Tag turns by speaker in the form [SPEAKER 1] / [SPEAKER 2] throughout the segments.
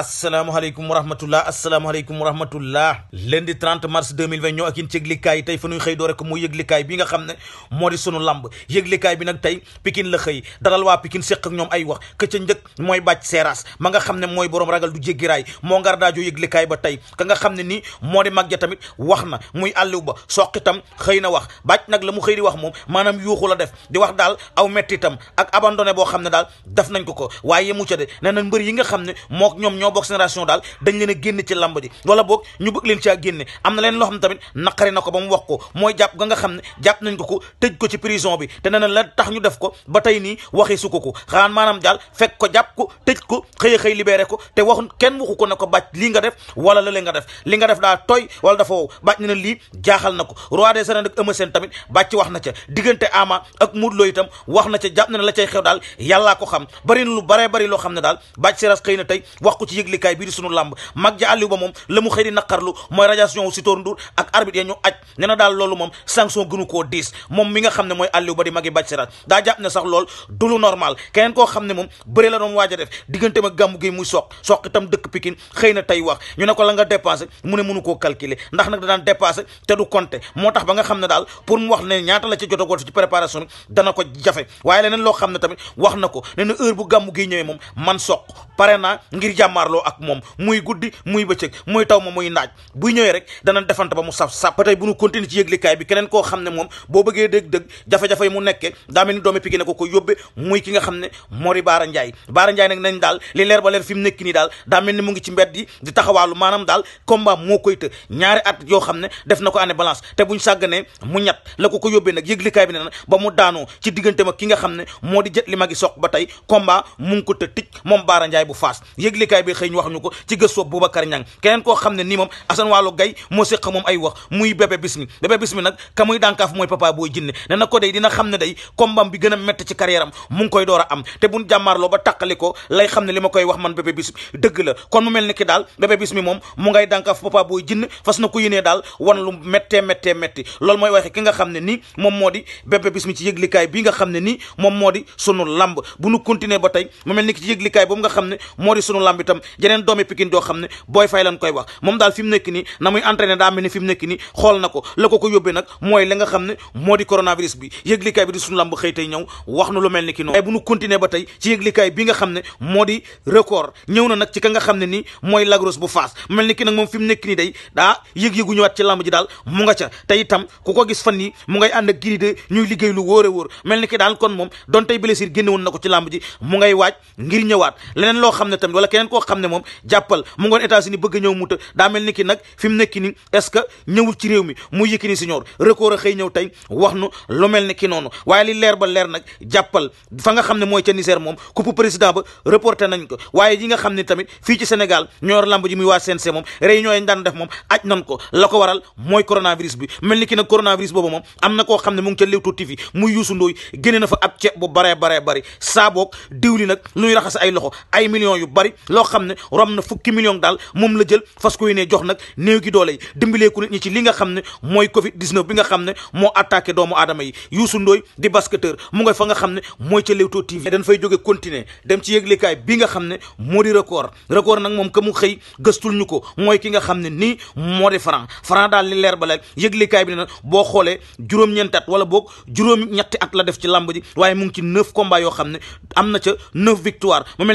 [SPEAKER 1] asalaamaaleykum wa rahmatullah asalaamaaleykum wa rahmatullah lundi 30 mars 2020 ñoo ak yéen ci yëglikaay yi tey fa nuy xëy doo rek muy yëglikaay bi nga xam ne moo di sunu lamb yëglikaay bi nag tey Pikine la xëy dalal waa Pikine séq ak ñoom ay wax ka njëkk mooy bàcc seeraas ma nga xam ne mooy boroom ragal du jéggi raay moo ngar daajoo yëglikaay ba tey ka nga xam ne nii moo di mag tamit wax na muy àlliw ba soqitam xëy na wax bàcc nag la mu xëy di wax moom maanaam yuuxu la def di wax daal aw mettitam ak abandonné boo xam ne daal daf nañ ko ko waaye yemu ca de nee na mbër yi nga xam ne moo ñoom ñoo ñoo bokk génération daal dañ leen a génn ci lamb ji wala boog ñu bëgg leen caa génne am na leen loo xam ne tamit naqari na ko ba mu wax ko mooy jàpp nga nga xam ne jàpp nañ ko ko tëj ko ci prison bi te nee na la tax ñu def ko ba tey nii waxee su ko ko xaan daal fekk ko jàpp ko tëj ko xëy a xëy libéré ko te waxu kenn waxu ko ko bàcc lii nga def la leen nga li nga def daa tooy wala dafa wow bàcc ne na lii jaaxal na ko roi des arènes ak Eumeu Sène na ca diggante Ama ak Modou Lo itam wax na ca jàpp la cay xew daal yàllaa ko xam bari na lu baree bari loo xam ne daal bàcc seras xëy na tey yëglikaay bii di sunu làmb mag ja Aliou ba la mu xëy di naqarlu mooy radiation wu Sitor Ndour ak arbitre ya ñu aj ne na daal loolu moom sanction daa jàpp ne sax lool du normal keneen koo xam ne moom bëre la doon a def diggante ma gàmmu gi muy soq soq dëkk Pikine xëy na tey wax ñu ne ko la nga dépensé mënu koo calculer ndax nag danaan dépassé te du moo tax ba nga xam ne daal pour mu wax ne ñaata la ci jot a ci préparation bi dana ko jafe waaye leneen loo xam ne tamit wax na ko ne na heure bu gàmmu gi ñëwee moom man soq pare naa ngir jàmm jàmmaarloo ak moom muy guddi muy bëccëg muy taw ma muy naaj buy ñëwee rek danañ defante ba mu saf saf ba tey bu ñu continuer ci yëglikaay bi keneen koo xam ne moom boo bëggee dëgg-dëgg jafe-jafe yi mu nekkee daa mel ni doomi Pikine ko ko yóbbe muy ki nga xam ne moo di Baara Ndiaye Baara Ndiaye li leer ba leer fi mu nekk nii daal daa mel ni mu ngi ci mbedd yi di taxawaalu maanaam daal combat moo koy të ñaari at yoo xam ne def na ko année balance te buñ sàgganee mu ñett la ko ko yóbbee nag yëglikaay bi ne na ba mu daanoo ci diggante mag ki nga xam ne moo di li magi soq ba tey combat mu ngi ko të tij moom Baara Ndiaye bu faas bi xëy ñu ko ci gëstu Boubacar Niang keneen koo xam ne nii moom moo séq moom ay wax a ci a yëglikaay bi nga xam ne nii moom moo di sunu lamb bu nu continuer ba tey mu mel ni ki ci yëglikaay boobu nga xam ne moo di sunu lamb itam itam jeneen doomi Pikine joo xam ne booy fay lan koy wax moom daal fi mu na muy entraîné daa mel ni fi xool na ko la ko ko yóbbee nag mooy li xam ne na nag ci ka nga xam ne nii mooy lagros bu faas mel ni ki nag moom fi mu nekk nii day daa yëg-yëgu ñëwaat ci lamb mu ngay lu wóore wóor mel ni ki daal kon moom doon tey blessure génne woon na ko ci lamb ji mu waaj ngir ñëwaat leneen loo xam ne tamit wala keneen koo xam ne moom jàppal mu ngoon États-Unis bëgg ñëw mu të daa mel ni ki nag fi mu nekki ni est-ce que ñëwul ci réew mi mu Yékini senior record a xëy ñëw tey wax nu lu mel ne ki noonu waaye li leer ba leer nag jàppal fa nga xam ne mooy ca Niger moom coupe président ba reporté nañ ko waaye yi nga xam ne tamit fii ci Sénégal ñoor lamb ji muy waa CNG moom réunion yi daan def moom aj nan ko la ko waral mooy coronavirus bi mel ne ki nag coronavirus boobu moom am na koo xam ne mu ngi ca Leewtoo TV muy Youssou Ndoye génne na fa ab ceeb bu baree baree bari saaboog diwli nag lu ñuy raxas ay loxo ay millions yu bari xam ne rom na fukki million daal moom la jël fas ko jox nag néew gi doole yi dimbaleeku ñi ci li nga xam ne mooy covid 19 bi nga xam ne moo attaqué doomu aadama yi Youssou Ndoye di basketteur mu nga fa nga xam ne mooy ca Leewtoo TV dañ fay jóge continuer dem ci yëglekaay bi nga xam ne moo di record record nag moom ka mu xëy gëstul ñu ko mooy ki nga xam ne nii moo di franc franc daal ni leer ba leer yëglekaay bi ne boo xoolee juróom-ñeenti at wala boog juróom-ñetti at la def ci làmb ji waaye mu ngi ci neuf combat yoo xam ne am na ca neuf victoire mu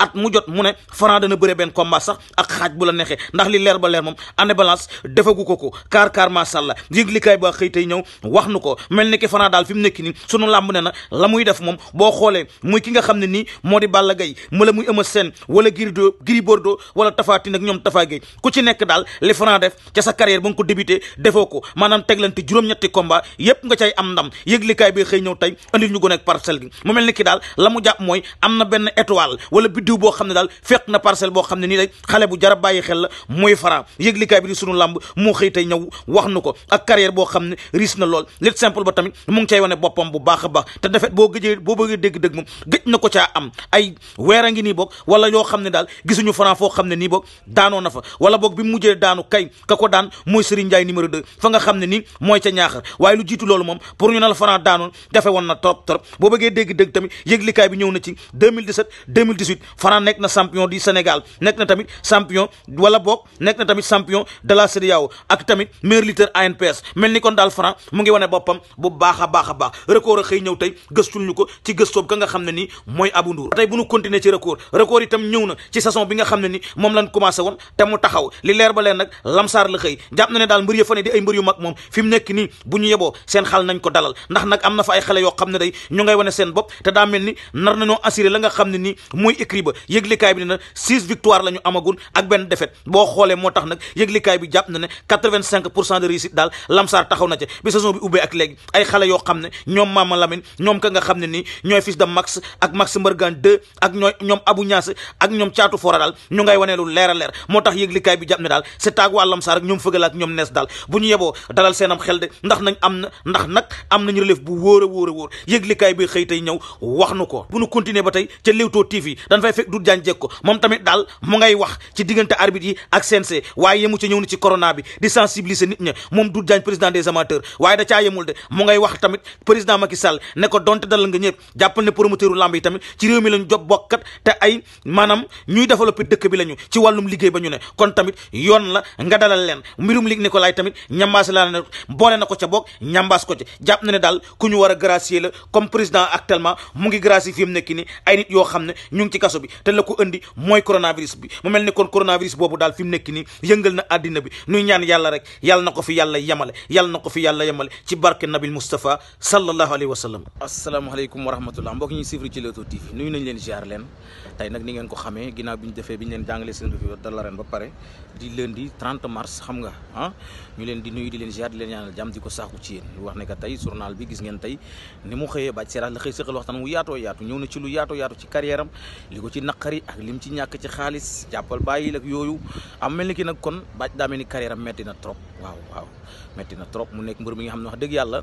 [SPEAKER 1] at mu jot mu ne Franc dana bëre benn combat sax ak xaaj bu la neexee ndax li leer ba leer moom année balance defagu ko ko kaar kaar macha allah yëglikaay ba xëy tey ñëw wax nu ko mel ni ki Franc daal fi mu nekk nii sunu làmb ne na la muy def moom boo xoolee muy ki nga xam ne nii moo di Balla Gaye mu la muy Eumeu Sène wala Gris Gris Bordeaux wala Tapha Tine ñoom Tapha Gueye ku ci nekk daal li Franc def sa carrière ba nga débuté defoo ko maanaam teglante juróom-ñetti combat yépp nga cay am ndam yëglikaay bi xëy ñëw tey andil ñu gone ak parcelle gi mu mel daal la mu jàpp mooy am na benn étoile wala biddiw boo xam ne daal fekk na parcelle boo xam ne nii rek xale bu jara bàyyi xel la mooy Franc yëglikaay bi di sunu làmb moo xëy tey ñëw wax nu ko ak carrière boo xam ne risque na lool lit simple ba tamit mu ngi cay wane boppam bu baax a baax te defet boo gëjee boo bëggee dégg-dégg moom gëj na ko caa am ay weer a ngi wala yoo xam ne daal gisuñu Franc foo xam ne nii boog daanoo na fa wala boog bi mu mujjee daanu kay ka ko daan mooy Serigne Ndiaye numéro 2 fa nga xam ne nii mooy ca ñaaxar waaye lu jiitu loolu moom pour ñu ne la Franc daanoon jafe woon na trop trop boo bëggee dégg-dégg tamit yëglikaay bi ñëw na ci 2017 2018 Fana nekk na champion du Sénégal nekk na tamit champion wala boog nekk na tamit champion la CEDEAO ak tamit meilleur lutteur ANPS mel ni kon daal Fran mu ngi wane boppam bu baax a baax a baax record a xëy ñëw tey gëstul ñu ko ci gëstoob ka nga xam ne nii mooy Abou Ndour tey bu ñu continuer ci record record itam ñëw na ci saison bi nga xam ne ni moom lañ commencé woon te mu taxaw li leer ba leer nag lamsaar la xëy jàpp na ne daal mbër ya fa ne di ay mbër yu mag moom fi mu nekk nii bu ñu seen xal nañ ko dalal ndax nag am na fa ay xale yoo xam ne day ñu ngay wane seen bopp te daa mel ni nar nañoo assuré la nga xam ne nii mooy écrit ba yëglikaay bi ne na six victoire la ñu ak benn défaite boo xoolee moo tax nag yëglikaay bi jàpp na ne quatre-vingt-cinq pour cent de réussite daal lamsaar taxaw na ca bi saison bi ubbee ak léegi ay xale yoo xam ne ñoom Mama Lamine ñoom ka nga xam ne nii ñooy fils de Max ak Max Mbargane 2 ak ñoom Abou Niass ak ñoom Caatu Fora daal ñu ngay wanee lu leer a leer moo tax yëglikaay bi jàpp ne daal c'est taag waa lamsaar ak ñoom fëgal ak ñoom nees daal bu ñu yeboo dalal seenam xel de ndax nañ am na ndax nag am nañu relève bu wóor a wóor a wóor yëglikaay bi xëy tey ñëw wax nu ko bu ba tey dafay fekk Doudou Diagne Diecko moom tamit daal mu ngay wax ci diggante arbitre yi ak CNG waaye yemu ci ñëw na ci corona bi di sensibiliser nit ña moom Doudou Diagne président des amateurs waaye da caa yemul de mu ngay wax tamit président Macky ne ko donte dalal nga ñëpp jàppal ne promoteur u yi tamit ci réew mi lañu bokkat te ay maanaam ñuy développé dëkk bi lañu ci wàllum liggéey ba ñu ne kon tamit yoon la nga dalal leen mbirum lig Nicolas tamit ñambaas laa ne boole na ko a bi te la ko indi mooy coronavirus bi mu mel ni kon coronavirus boobu daal fi nekk nii yëngal na àddina bi nuy ñaan yàlla rek yàlla na ko fi yàlla yemale yàlla na ko fi yàlla yemale ci barke nabil Moustapha sallallahu alayhi wa sallam. asalaamaaleykum wa rahmatullah mbokk ñi suivre ci Leewtoo TV nuyu nañ leen ziar leen tey nag ni ngeen ko xamee ginnaaw bi ñu defee bi ñu leen jàngalee seen revue de ba pare di lundi 30 mars xam nga ah ñu leen di nuyu ko ci naqari ak lim ci ñàkk ci xaalis jàppal bàyyi ak yooyu am mel ni ki nag kon bàcc daa ni carrière metti na trop waaw waaw metti na trop mu nekk mbër mi nga xam ne wax dëgg yàlla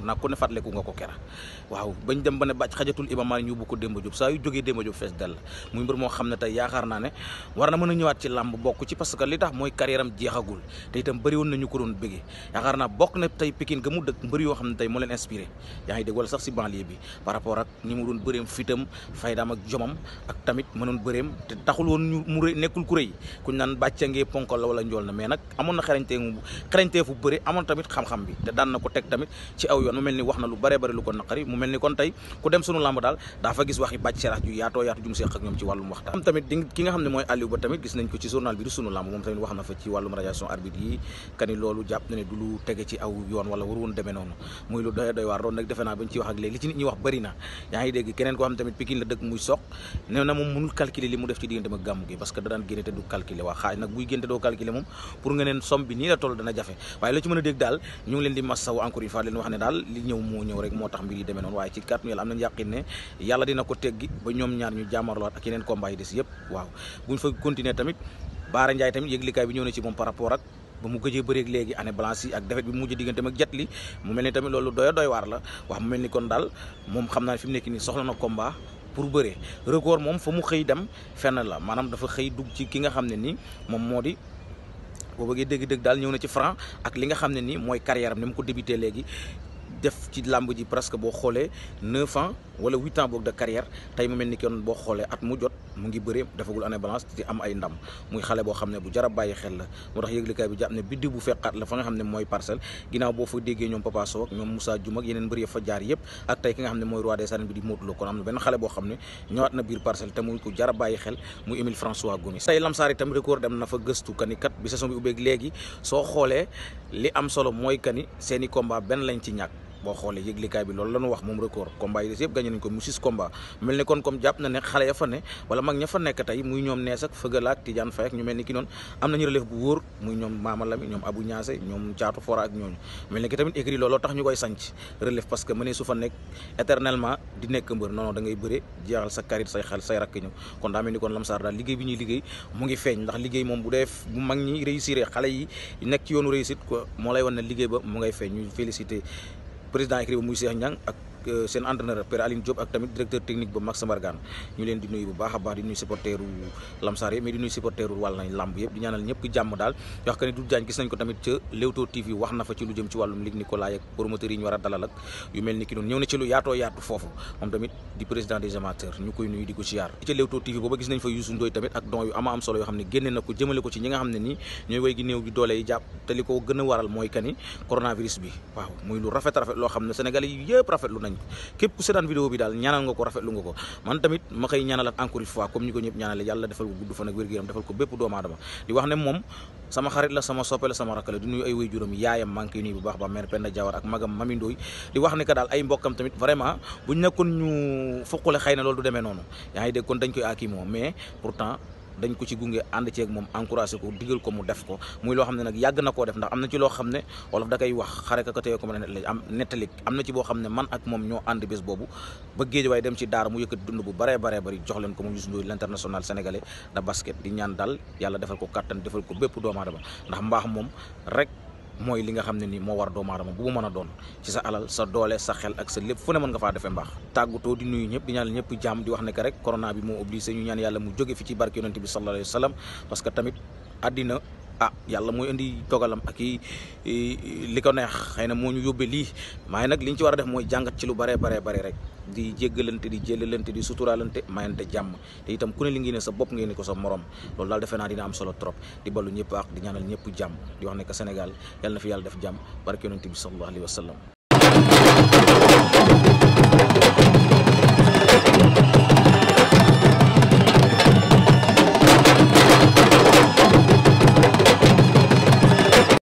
[SPEAKER 1] na ba ne bàcc xajatul Iba Mar ñu bu ko Demba Diop saa yu jógee Demba Diop fees dell muy mbër moo xam ne tey yaakaar naa ne war na mën a ñëwaat ci làmb bokk ci parce que li tax mooy carrière jeexagul te itam bëri woon nañu ko doon bëggee yaakaar naa bokk na tey Pikine ga mu dëkk mbër yoo xam ne tey moo leen inspiré yaa ngi dégg wala sax si banlieue bi par rapport rapport ak ni mu doon bëreem fitam faydaam ak jomam ak tamit mënoon bëreem te taxul woon ñu mu rëy nekkul ku rëy kuñ naan bàccangee ponkal la wala njool na mais amoon na xarañte xarañtee fu bëri amoon tamit xam-xam bi te daan na ko teg tamit ci aw yoon mu mel ni wax na lu lu ko naqari mu mel ni kon tey ku dem sunu làmb daal daa fa gis waxi bàcc serax ju yaatoo yaatu am tamit di ki nga xam ne mooy Aliou Ba tamit gis nañ ko ci journal bi di sunu làmb moom tamit wax na fa ci wàllum radiation ne du lu tege ci aw yoon wala waru woon demee noonu muy lu doy doy waar loolu nag defe naa bañ ci wax ak yaa ngi dégg keneen koo xam tamit Pikine la dëkk muy soq nee moom mënul calculer li mu def ci diggante ak gàmm gi parce que da daan génne te du calculer waa xaaj nag buy génne doo calculer moom pour nga neen somme bi nii la toll dana jafe waaye la ci mën a dégg daal ñëw moo ñëw rek moo tax mbir yi demee noonu waaye ci kàttu yàlla am nañu yàqin ne yàlla dina ko teggi ba ñoom ñaar ñu jaamarlowaat ak yeneen combat yi des yëpp waaw buñ fa continuer tamit ba mu gëjee bëreeg léegi année blanche ak defet bi mu mujj diggante ak jet li mu mel ni tamit loolu doy doy waar la wax mu mel ni kon daal moom xam naa fi mu nekk nii soxla na combat pour bare record moom fa mu xëy dem fenn la maanaam dafa xëy dugg ci ki nga xam ne nii moom moo di boo bëggee dëgg-dëgg daal ñëw na ci franc ak li nga xam ne nii mooy carrière am ni mu ko débuté léegi def ci làmb ji presque boo xoolee neuf ans wala huit ans boog de carrière tey mu mel ni kon boo xoolee at mu jot mu ngi bëre defagul année balance di am ay ndam muy xale boo xam ne bu jara a bàyyi xel la moo tax yëglikaay bi ne biddi bu fekkaat la fa ne mooy parcelle ginnaaw boo fa déggee ñoom Papa Sow ak ñoom Moussa Dioum ak ne mooy roi des arènes bi di Modou Lo kon am na benn xale boo xam ne ñëwaat na biir parcelle te muy ko jar a bàyyi xel muy Émile François Gomis tey Lamsaar itam record dem na fa gëstu kani kat bi saison bi ubbeeg léegi soo xoolee li am solo mooy kani seeni combat benn lañ ci ñàkk boo xoolee yëglikaay bi loolu la ñu wax moom record combat yi des yëpp gagné nañ ko mu six combat mel ni kon comme jàpp na ne xale ya fa ne wala mag ña fa nekk tey muy ñoom nees ak fëgala ak Tidiane Faye ak ñu mel ni ki noonu am nañu relève bu wóor muy ñoom Mama Lami ñoom Abou Niasse ñoom Thiatou Fora ak ñooñu mel ni ki tamit écrit looloo tax ñu koy parce que mënee su fa nekk éternellement di nekk mbër ngay bëre jeexal sa karit say xel say rakk kon daa mel ni kon Lamsaar daal liggéey bi ñuy liggéey mu ngi feeñ ndax liggéey moom bu dee bu mag ñi réussir xale yi nekk ci yoonu réussite ko moo lay wan ne liggéey ba mu ngay feeñ ñu félicité président écrit ba muy Cheikh Niang ak Euh, seen entraîneur Père Aline Diop ak tamit directeur technique ba Max Mbargane ñu leen di nuyu bu baax baax di nuyu supporteru Lamsaar yëpp mais di nuyu supporteru wàll nañ làmb yëpp di ñaanal ñëpp jàmm daal wax que ni du jaañ gis nañ ko tamit ca Leewtoo TV wax na fa ci lu yi ñu war a ci lu yaatoo ca Leewtoo TV booba gis nañ fa Youssou Ndoye tamit ak don yu ama am solo yoo xam ne génne na ko jëmale ko ci ñi nga xam nañ ko képp ku seetaan vidéo bi daal ñaanal nga ko rafetlu nga ko man tamit ma koy ñaanalat encore une fois comme ñu ko ñëpp ñaanale yàlla defal ko gudd fan ak wér gu yaayam maa ngi koy bu baax baax mère Penda Diawar ak magam Mami Ndoy wax ne que daal ay mbokkam tamit vraiment buñ nekkoon ñu fukkule xëy na loolu du demee noonu yaa ngi dégg dañ koy akimoo mais pourtant dañ ko ci gunge ànd ceeg moom encouragé ko digal ko mu def ko muy loo xam ne nag yàgg na ko def ndax am na ci loo xam ne wolof da koy wax xare ka ko téye ko mën a nettali am nettali am na ci boo xam ne man ak moom ñoo ànd bés boobu ba géej waaye dem ci daara mu yëkkati dund bu baree baree bari jox leen ko mu Youssou Ndoye l'international sénégalais de basket di ñaan daal yàlla defal ko kàttan defal ko bépp doomu aadama ndax mbaax moom rek mooy li nga xam ne ni moo war doomu aadama bu mu mën a doon ci sa alal sa doole sa xel ak sa lépp fu ne mën nga faa defee mbaax tàggutoo di nuyu ñëpp di ñëpp jàmm di wax ne que rek corona bi moo obligé ñu ñaan yàlla mu jóge fi ci barke yonent bi sallallahu alayhi wa sallam parce que tamit àddina ah yàlla mooy indi dogalam ak i li ko neex xëy na moo ñu yóbbee lii maay nag liñ ci war a def mooy jàngat ci lu bare bare bare rek di jéggalante di jëlalante di suturaalante mayante jàmm te itam ku ne li ngi ne sa bopp ngeen ne ko sa morom loolu daal defe naa dina am solo trop di balu ñëpp ak di ñaanal ñëpp jàmm di wax ne que Sénégal yàlla na fi yàlla def jàmm barke yonent bi sallallahu alayhi wa sallam